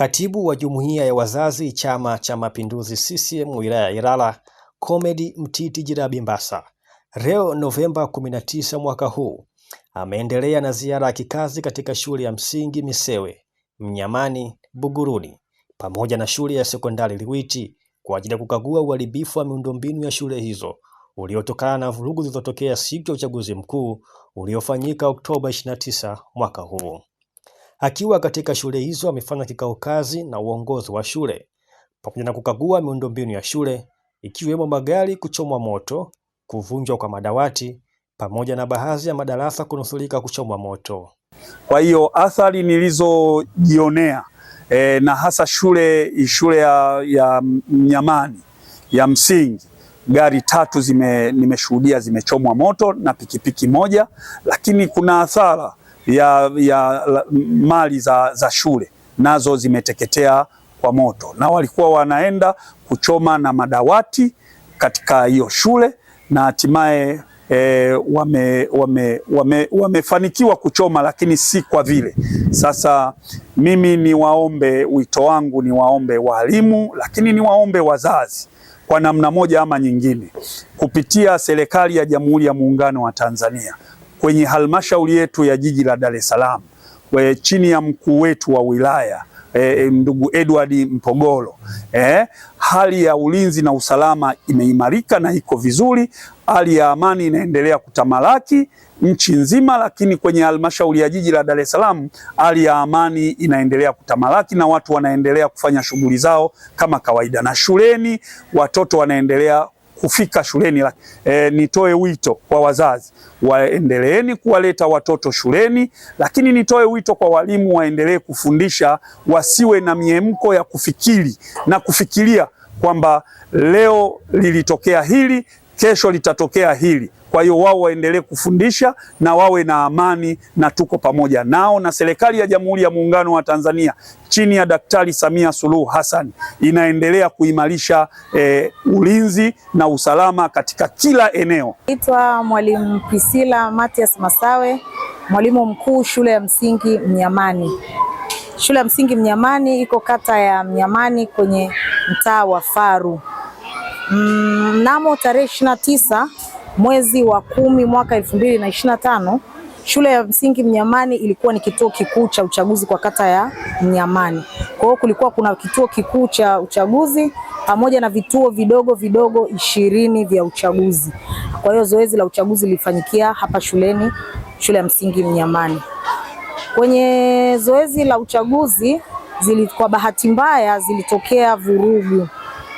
Katibu wa Jumuiya ya Wazazi Chama cha Mapinduzi CCM wilaya ya Ilala, Comrade Mtiti Jirabi Mbassa leo Novemba 19 mwaka huu ameendelea na ziara ya kikazi katika shule ya msingi Misewe, Mnyamani, Buguruni pamoja na shule ya sekondari Liwiti kwa ajili ya kukagua uharibifu wa miundombinu ya shule hizo uliotokana na vurugu zilizotokea siku ya uchaguzi mkuu uliofanyika Oktoba 29 mwaka huu. Akiwa katika shule hizo amefanya kikao kazi na uongozi wa shule pamoja na kukagua miundombinu ya shule ikiwemo magari kuchomwa moto, kuvunjwa kwa madawati pamoja na baadhi ya madarasa kunusurika kuchomwa moto. Kwa hiyo athari nilizojionea e, na hasa shule shule ya, ya Mnyamani ya msingi gari tatu zime, nimeshuhudia zimechomwa moto na pikipiki moja, lakini kuna athara ya, ya mali za, za shule nazo zimeteketea kwa moto, na walikuwa wanaenda kuchoma na madawati katika hiyo shule na hatimaye E, eh, wamefanikiwa wame, wame, wamefanikiwa kuchoma lakini si kwa vile. Sasa mimi ni waombe, wito wangu ni waombe walimu, lakini ni waombe wazazi kwa namna moja ama nyingine, kupitia serikali ya Jamhuri ya Muungano wa Tanzania kwenye halmashauri yetu ya jiji la Dar es Salaam eh, chini ya mkuu wetu wa wilaya e, ndugu Edward Mpogolo e, hali ya ulinzi na usalama imeimarika na iko vizuri. Hali ya amani inaendelea kutamalaki nchi nzima, lakini kwenye halmashauri ya jiji la Dar es Salaam hali ya amani inaendelea kutamalaki na watu wanaendelea kufanya shughuli zao kama kawaida, na shuleni watoto wanaendelea kufika shuleni. E, nitoe wito kwa wazazi waendeleeni kuwaleta watoto shuleni, lakini nitoe wito kwa walimu waendelee kufundisha, wasiwe na miemko ya kufikiri na kufikiria kwamba leo lilitokea hili kesho litatokea hili. Kwa hiyo wao waendelee kufundisha na wawe na amani, na tuko pamoja nao, na serikali ya Jamhuri ya Muungano wa Tanzania chini ya Daktari Samia Suluhu Hassan inaendelea kuimarisha eh, ulinzi na usalama katika kila eneo. Naitwa Mwalimu Priscilla Matias Masawe, mwalimu mkuu shule ya msingi Mnyamani. Shule ya msingi Mnyamani iko kata ya Mnyamani kwenye mtaa wa Faru. Mm, mnamo tarehe ishirini na tisa mwezi wa kumi mwaka elfu mbili na ishirini na tano shule ya msingi Mnyamani ilikuwa ni kituo kikuu cha uchaguzi kwa kata ya Mnyamani. Kwa hiyo kulikuwa kuna kituo kikuu cha uchaguzi pamoja na vituo vidogo vidogo ishirini vya uchaguzi. Kwa hiyo zoezi la uchaguzi lilifanyikia hapa shuleni, shule ya msingi Mnyamani. Kwenye zoezi la uchaguzi zili, kwa bahati mbaya zilitokea vurugu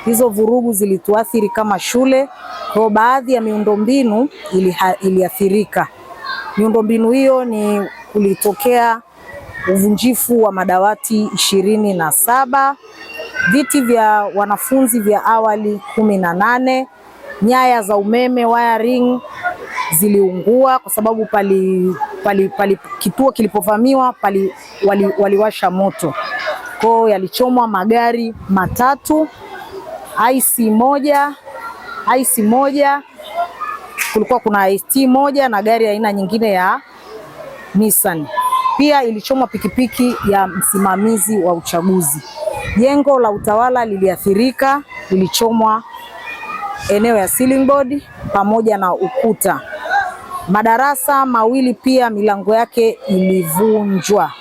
Hizo vurugu zilituathiri kama shule, kwa baadhi ya miundombinu iliathirika. Miundombinu hiyo ni kulitokea uvunjifu wa madawati ishirini na saba, viti vya wanafunzi vya awali kumi na nane, nyaya za umeme wiring ziliungua kwa sababu pali, pali, pali kituo kilipovamiwa pali, waliwasha wali moto kwao, yalichomwa magari matatu aisi moja, aisi moja, kulikuwa kuna ice moja na gari aina nyingine ya Nissan. Pia ilichomwa pikipiki ya msimamizi wa uchaguzi. Jengo la utawala liliathirika, lilichomwa eneo ya ceiling board pamoja na ukuta. Madarasa mawili pia milango yake ilivunjwa.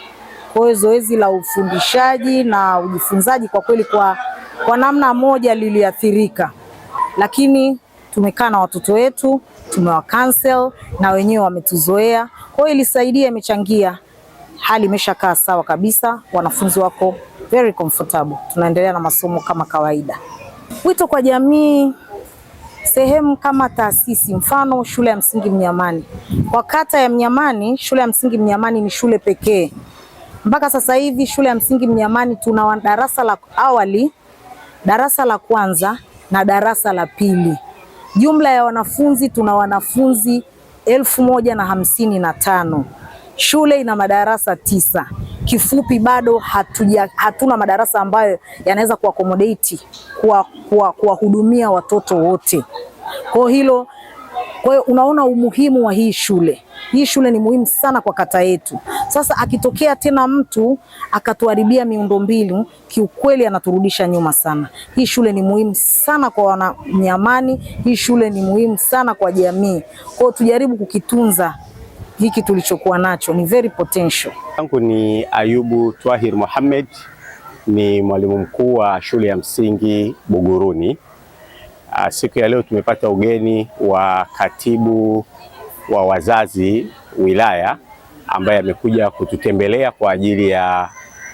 Kwa hiyo zoezi la ufundishaji na ujifunzaji kwa kweli kwa kwa namna moja liliathirika, lakini tumekaa na watoto wetu, cancel na wenyewe wametuzoea. Kwa hiyo ilisaidia, imechangia, hali imeshakaa sawa kabisa, wanafunzi wako very comfortable, tunaendelea na masomo kama kawaida. Wito kwa jamii, sehemu kama taasisi, mfano shule ya msingi Mnyamani. Kwa kata ya Mnyamani, shule ya msingi Mnyamani ni shule pekee mpaka sasa hivi. Shule ya msingi Mnyamani tuna darasa la awali darasa la kwanza na darasa la pili. Jumla ya wanafunzi tuna wanafunzi elfu moja na hamsini na tano. Shule ina madarasa tisa. Kifupi bado hatuja, hatuna madarasa ambayo yanaweza kuakomodate kuwahudumia watoto wote. Kwa hilo kwa hiyo unaona umuhimu wa hii shule. Hii shule ni muhimu sana kwa kata yetu. Sasa akitokea tena mtu akatuharibia miundombinu, kiukweli anaturudisha nyuma sana. Hii shule ni muhimu sana kwa Wananyamani, hii shule ni muhimu sana kwa jamii. Kwa hiyo tujaribu kukitunza hiki tulichokuwa nacho, ni very potential. Yangu ni Ayubu Twahir Mohamed, ni mwalimu mkuu wa shule ya msingi Buguruni. Ah, siku ya leo tumepata ugeni wa katibu wa wazazi wilaya ambaye amekuja kututembelea kwa ajili ya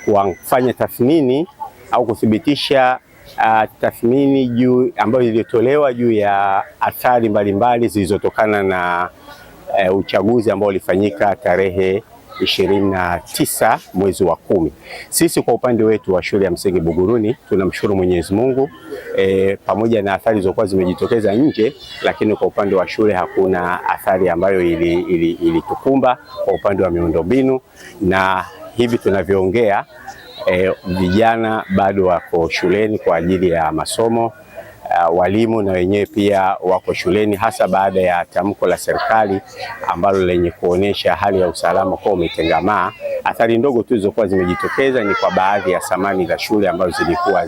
kufanya tathmini au kuthibitisha uh, tathmini juu ambayo ilitolewa juu ya athari mbalimbali zilizotokana na uh, uchaguzi ambao ulifanyika tarehe 29 mwezi wa kumi. Sisi kwa upande wetu wa shule ya msingi Buguruni tunamshukuru Mwenyezi Mungu e, pamoja na athari zilizokuwa zimejitokeza nje, lakini kwa upande wa shule hakuna athari ambayo ilitukumba ili, ili kwa upande wa miundombinu na hivi tunavyoongea e, vijana e, bado wako shuleni kwa ajili ya masomo uh, walimu na wenyewe pia wako shuleni, hasa baada ya tamko la serikali ambalo lenye kuonyesha hali ya usalama kwa umetengamaa. Athari ndogo tu zilizokuwa zimejitokeza ni kwa baadhi ya samani za shule ambazo zilikuwa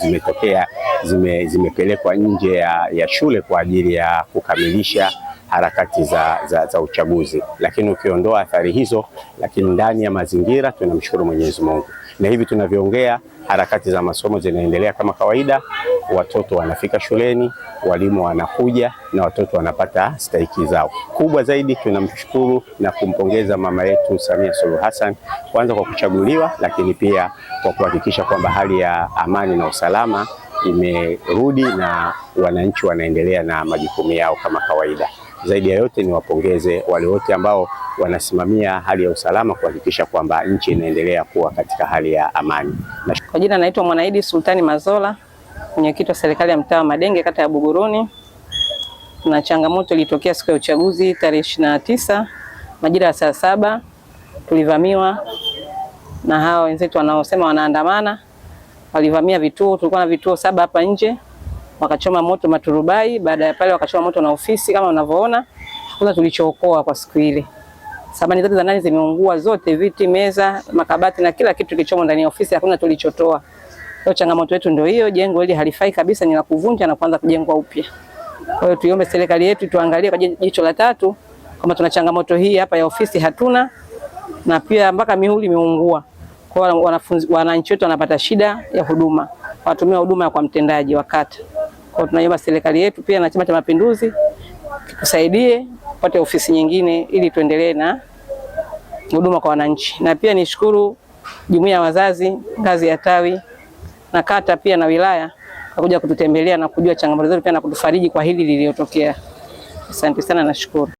zimetokea zime zimepelekwa zime nje ya, ya shule kwa ajili ya kukamilisha harakati za, za, za uchaguzi. Lakini ukiondoa athari hizo, lakini ndani ya mazingira tunamshukuru Mwenyezi Mungu na hivi tunavyoongea, harakati za masomo zinaendelea kama kawaida, watoto wanafika shuleni, walimu wanakuja na watoto wanapata stahiki zao. Kubwa zaidi, tunamshukuru na kumpongeza mama yetu Samia Suluhu Hassan, kwanza kwa kuchaguliwa, lakini pia kwa kuhakikisha kwamba hali ya amani na usalama imerudi na wananchi wanaendelea na majukumu yao kama kawaida. Zaidi ya yote ni wapongeze wale wote ambao wanasimamia hali ya usalama kuhakikisha kwamba nchi inaendelea kuwa katika hali ya amani. Kwa jina naitwa Mwanaidi Sultani Mazola, mwenyekiti wa serikali ya mtaa wa Madenge, kata ya Buguruni. Na changamoto ilitokea siku ya uchaguzi tarehe ishirini na tisa majira ya saa saba tulivamiwa na hawa wenzetu wanaosema wanaandamana, walivamia vituo. Tulikuwa na vituo saba hapa nje wakachoma moto maturubai. Baada ya pale wakachoma moto na ofisi kama unavyoona, kwanza tulichookoa kwa siku ile. Samani zote za ndani zimeungua zote, viti, meza, makabati na kila kitu kilichomo ndani ya ofisi hakuna tulichotoa. Kwa changamoto yetu ndio hiyo, jengo hili halifai kabisa, ni la kuvunja na kuanza kujengwa upya. Kwa hiyo tuiombe serikali yetu tuangalie kwa jicho la tatu kama tuna changamoto hii hapa ya ofisi hatuna, na pia mpaka mihuri imeungua. Kwa wanafunzi wananchi wetu wanapata shida ya huduma, watumia huduma kwa mtendaji wa kata. Kwa tunaomba serikali yetu pia na Chama cha Mapinduzi tusaidie tupate ofisi nyingine ili tuendelee na huduma kwa wananchi. Na pia nishukuru jumuiya ya wazazi ngazi ya tawi na kata pia na wilaya kwa kuja kututembelea na kujua changamoto zetu pia na kutufariji kwa hili lililotokea. Asante sana, nashukuru.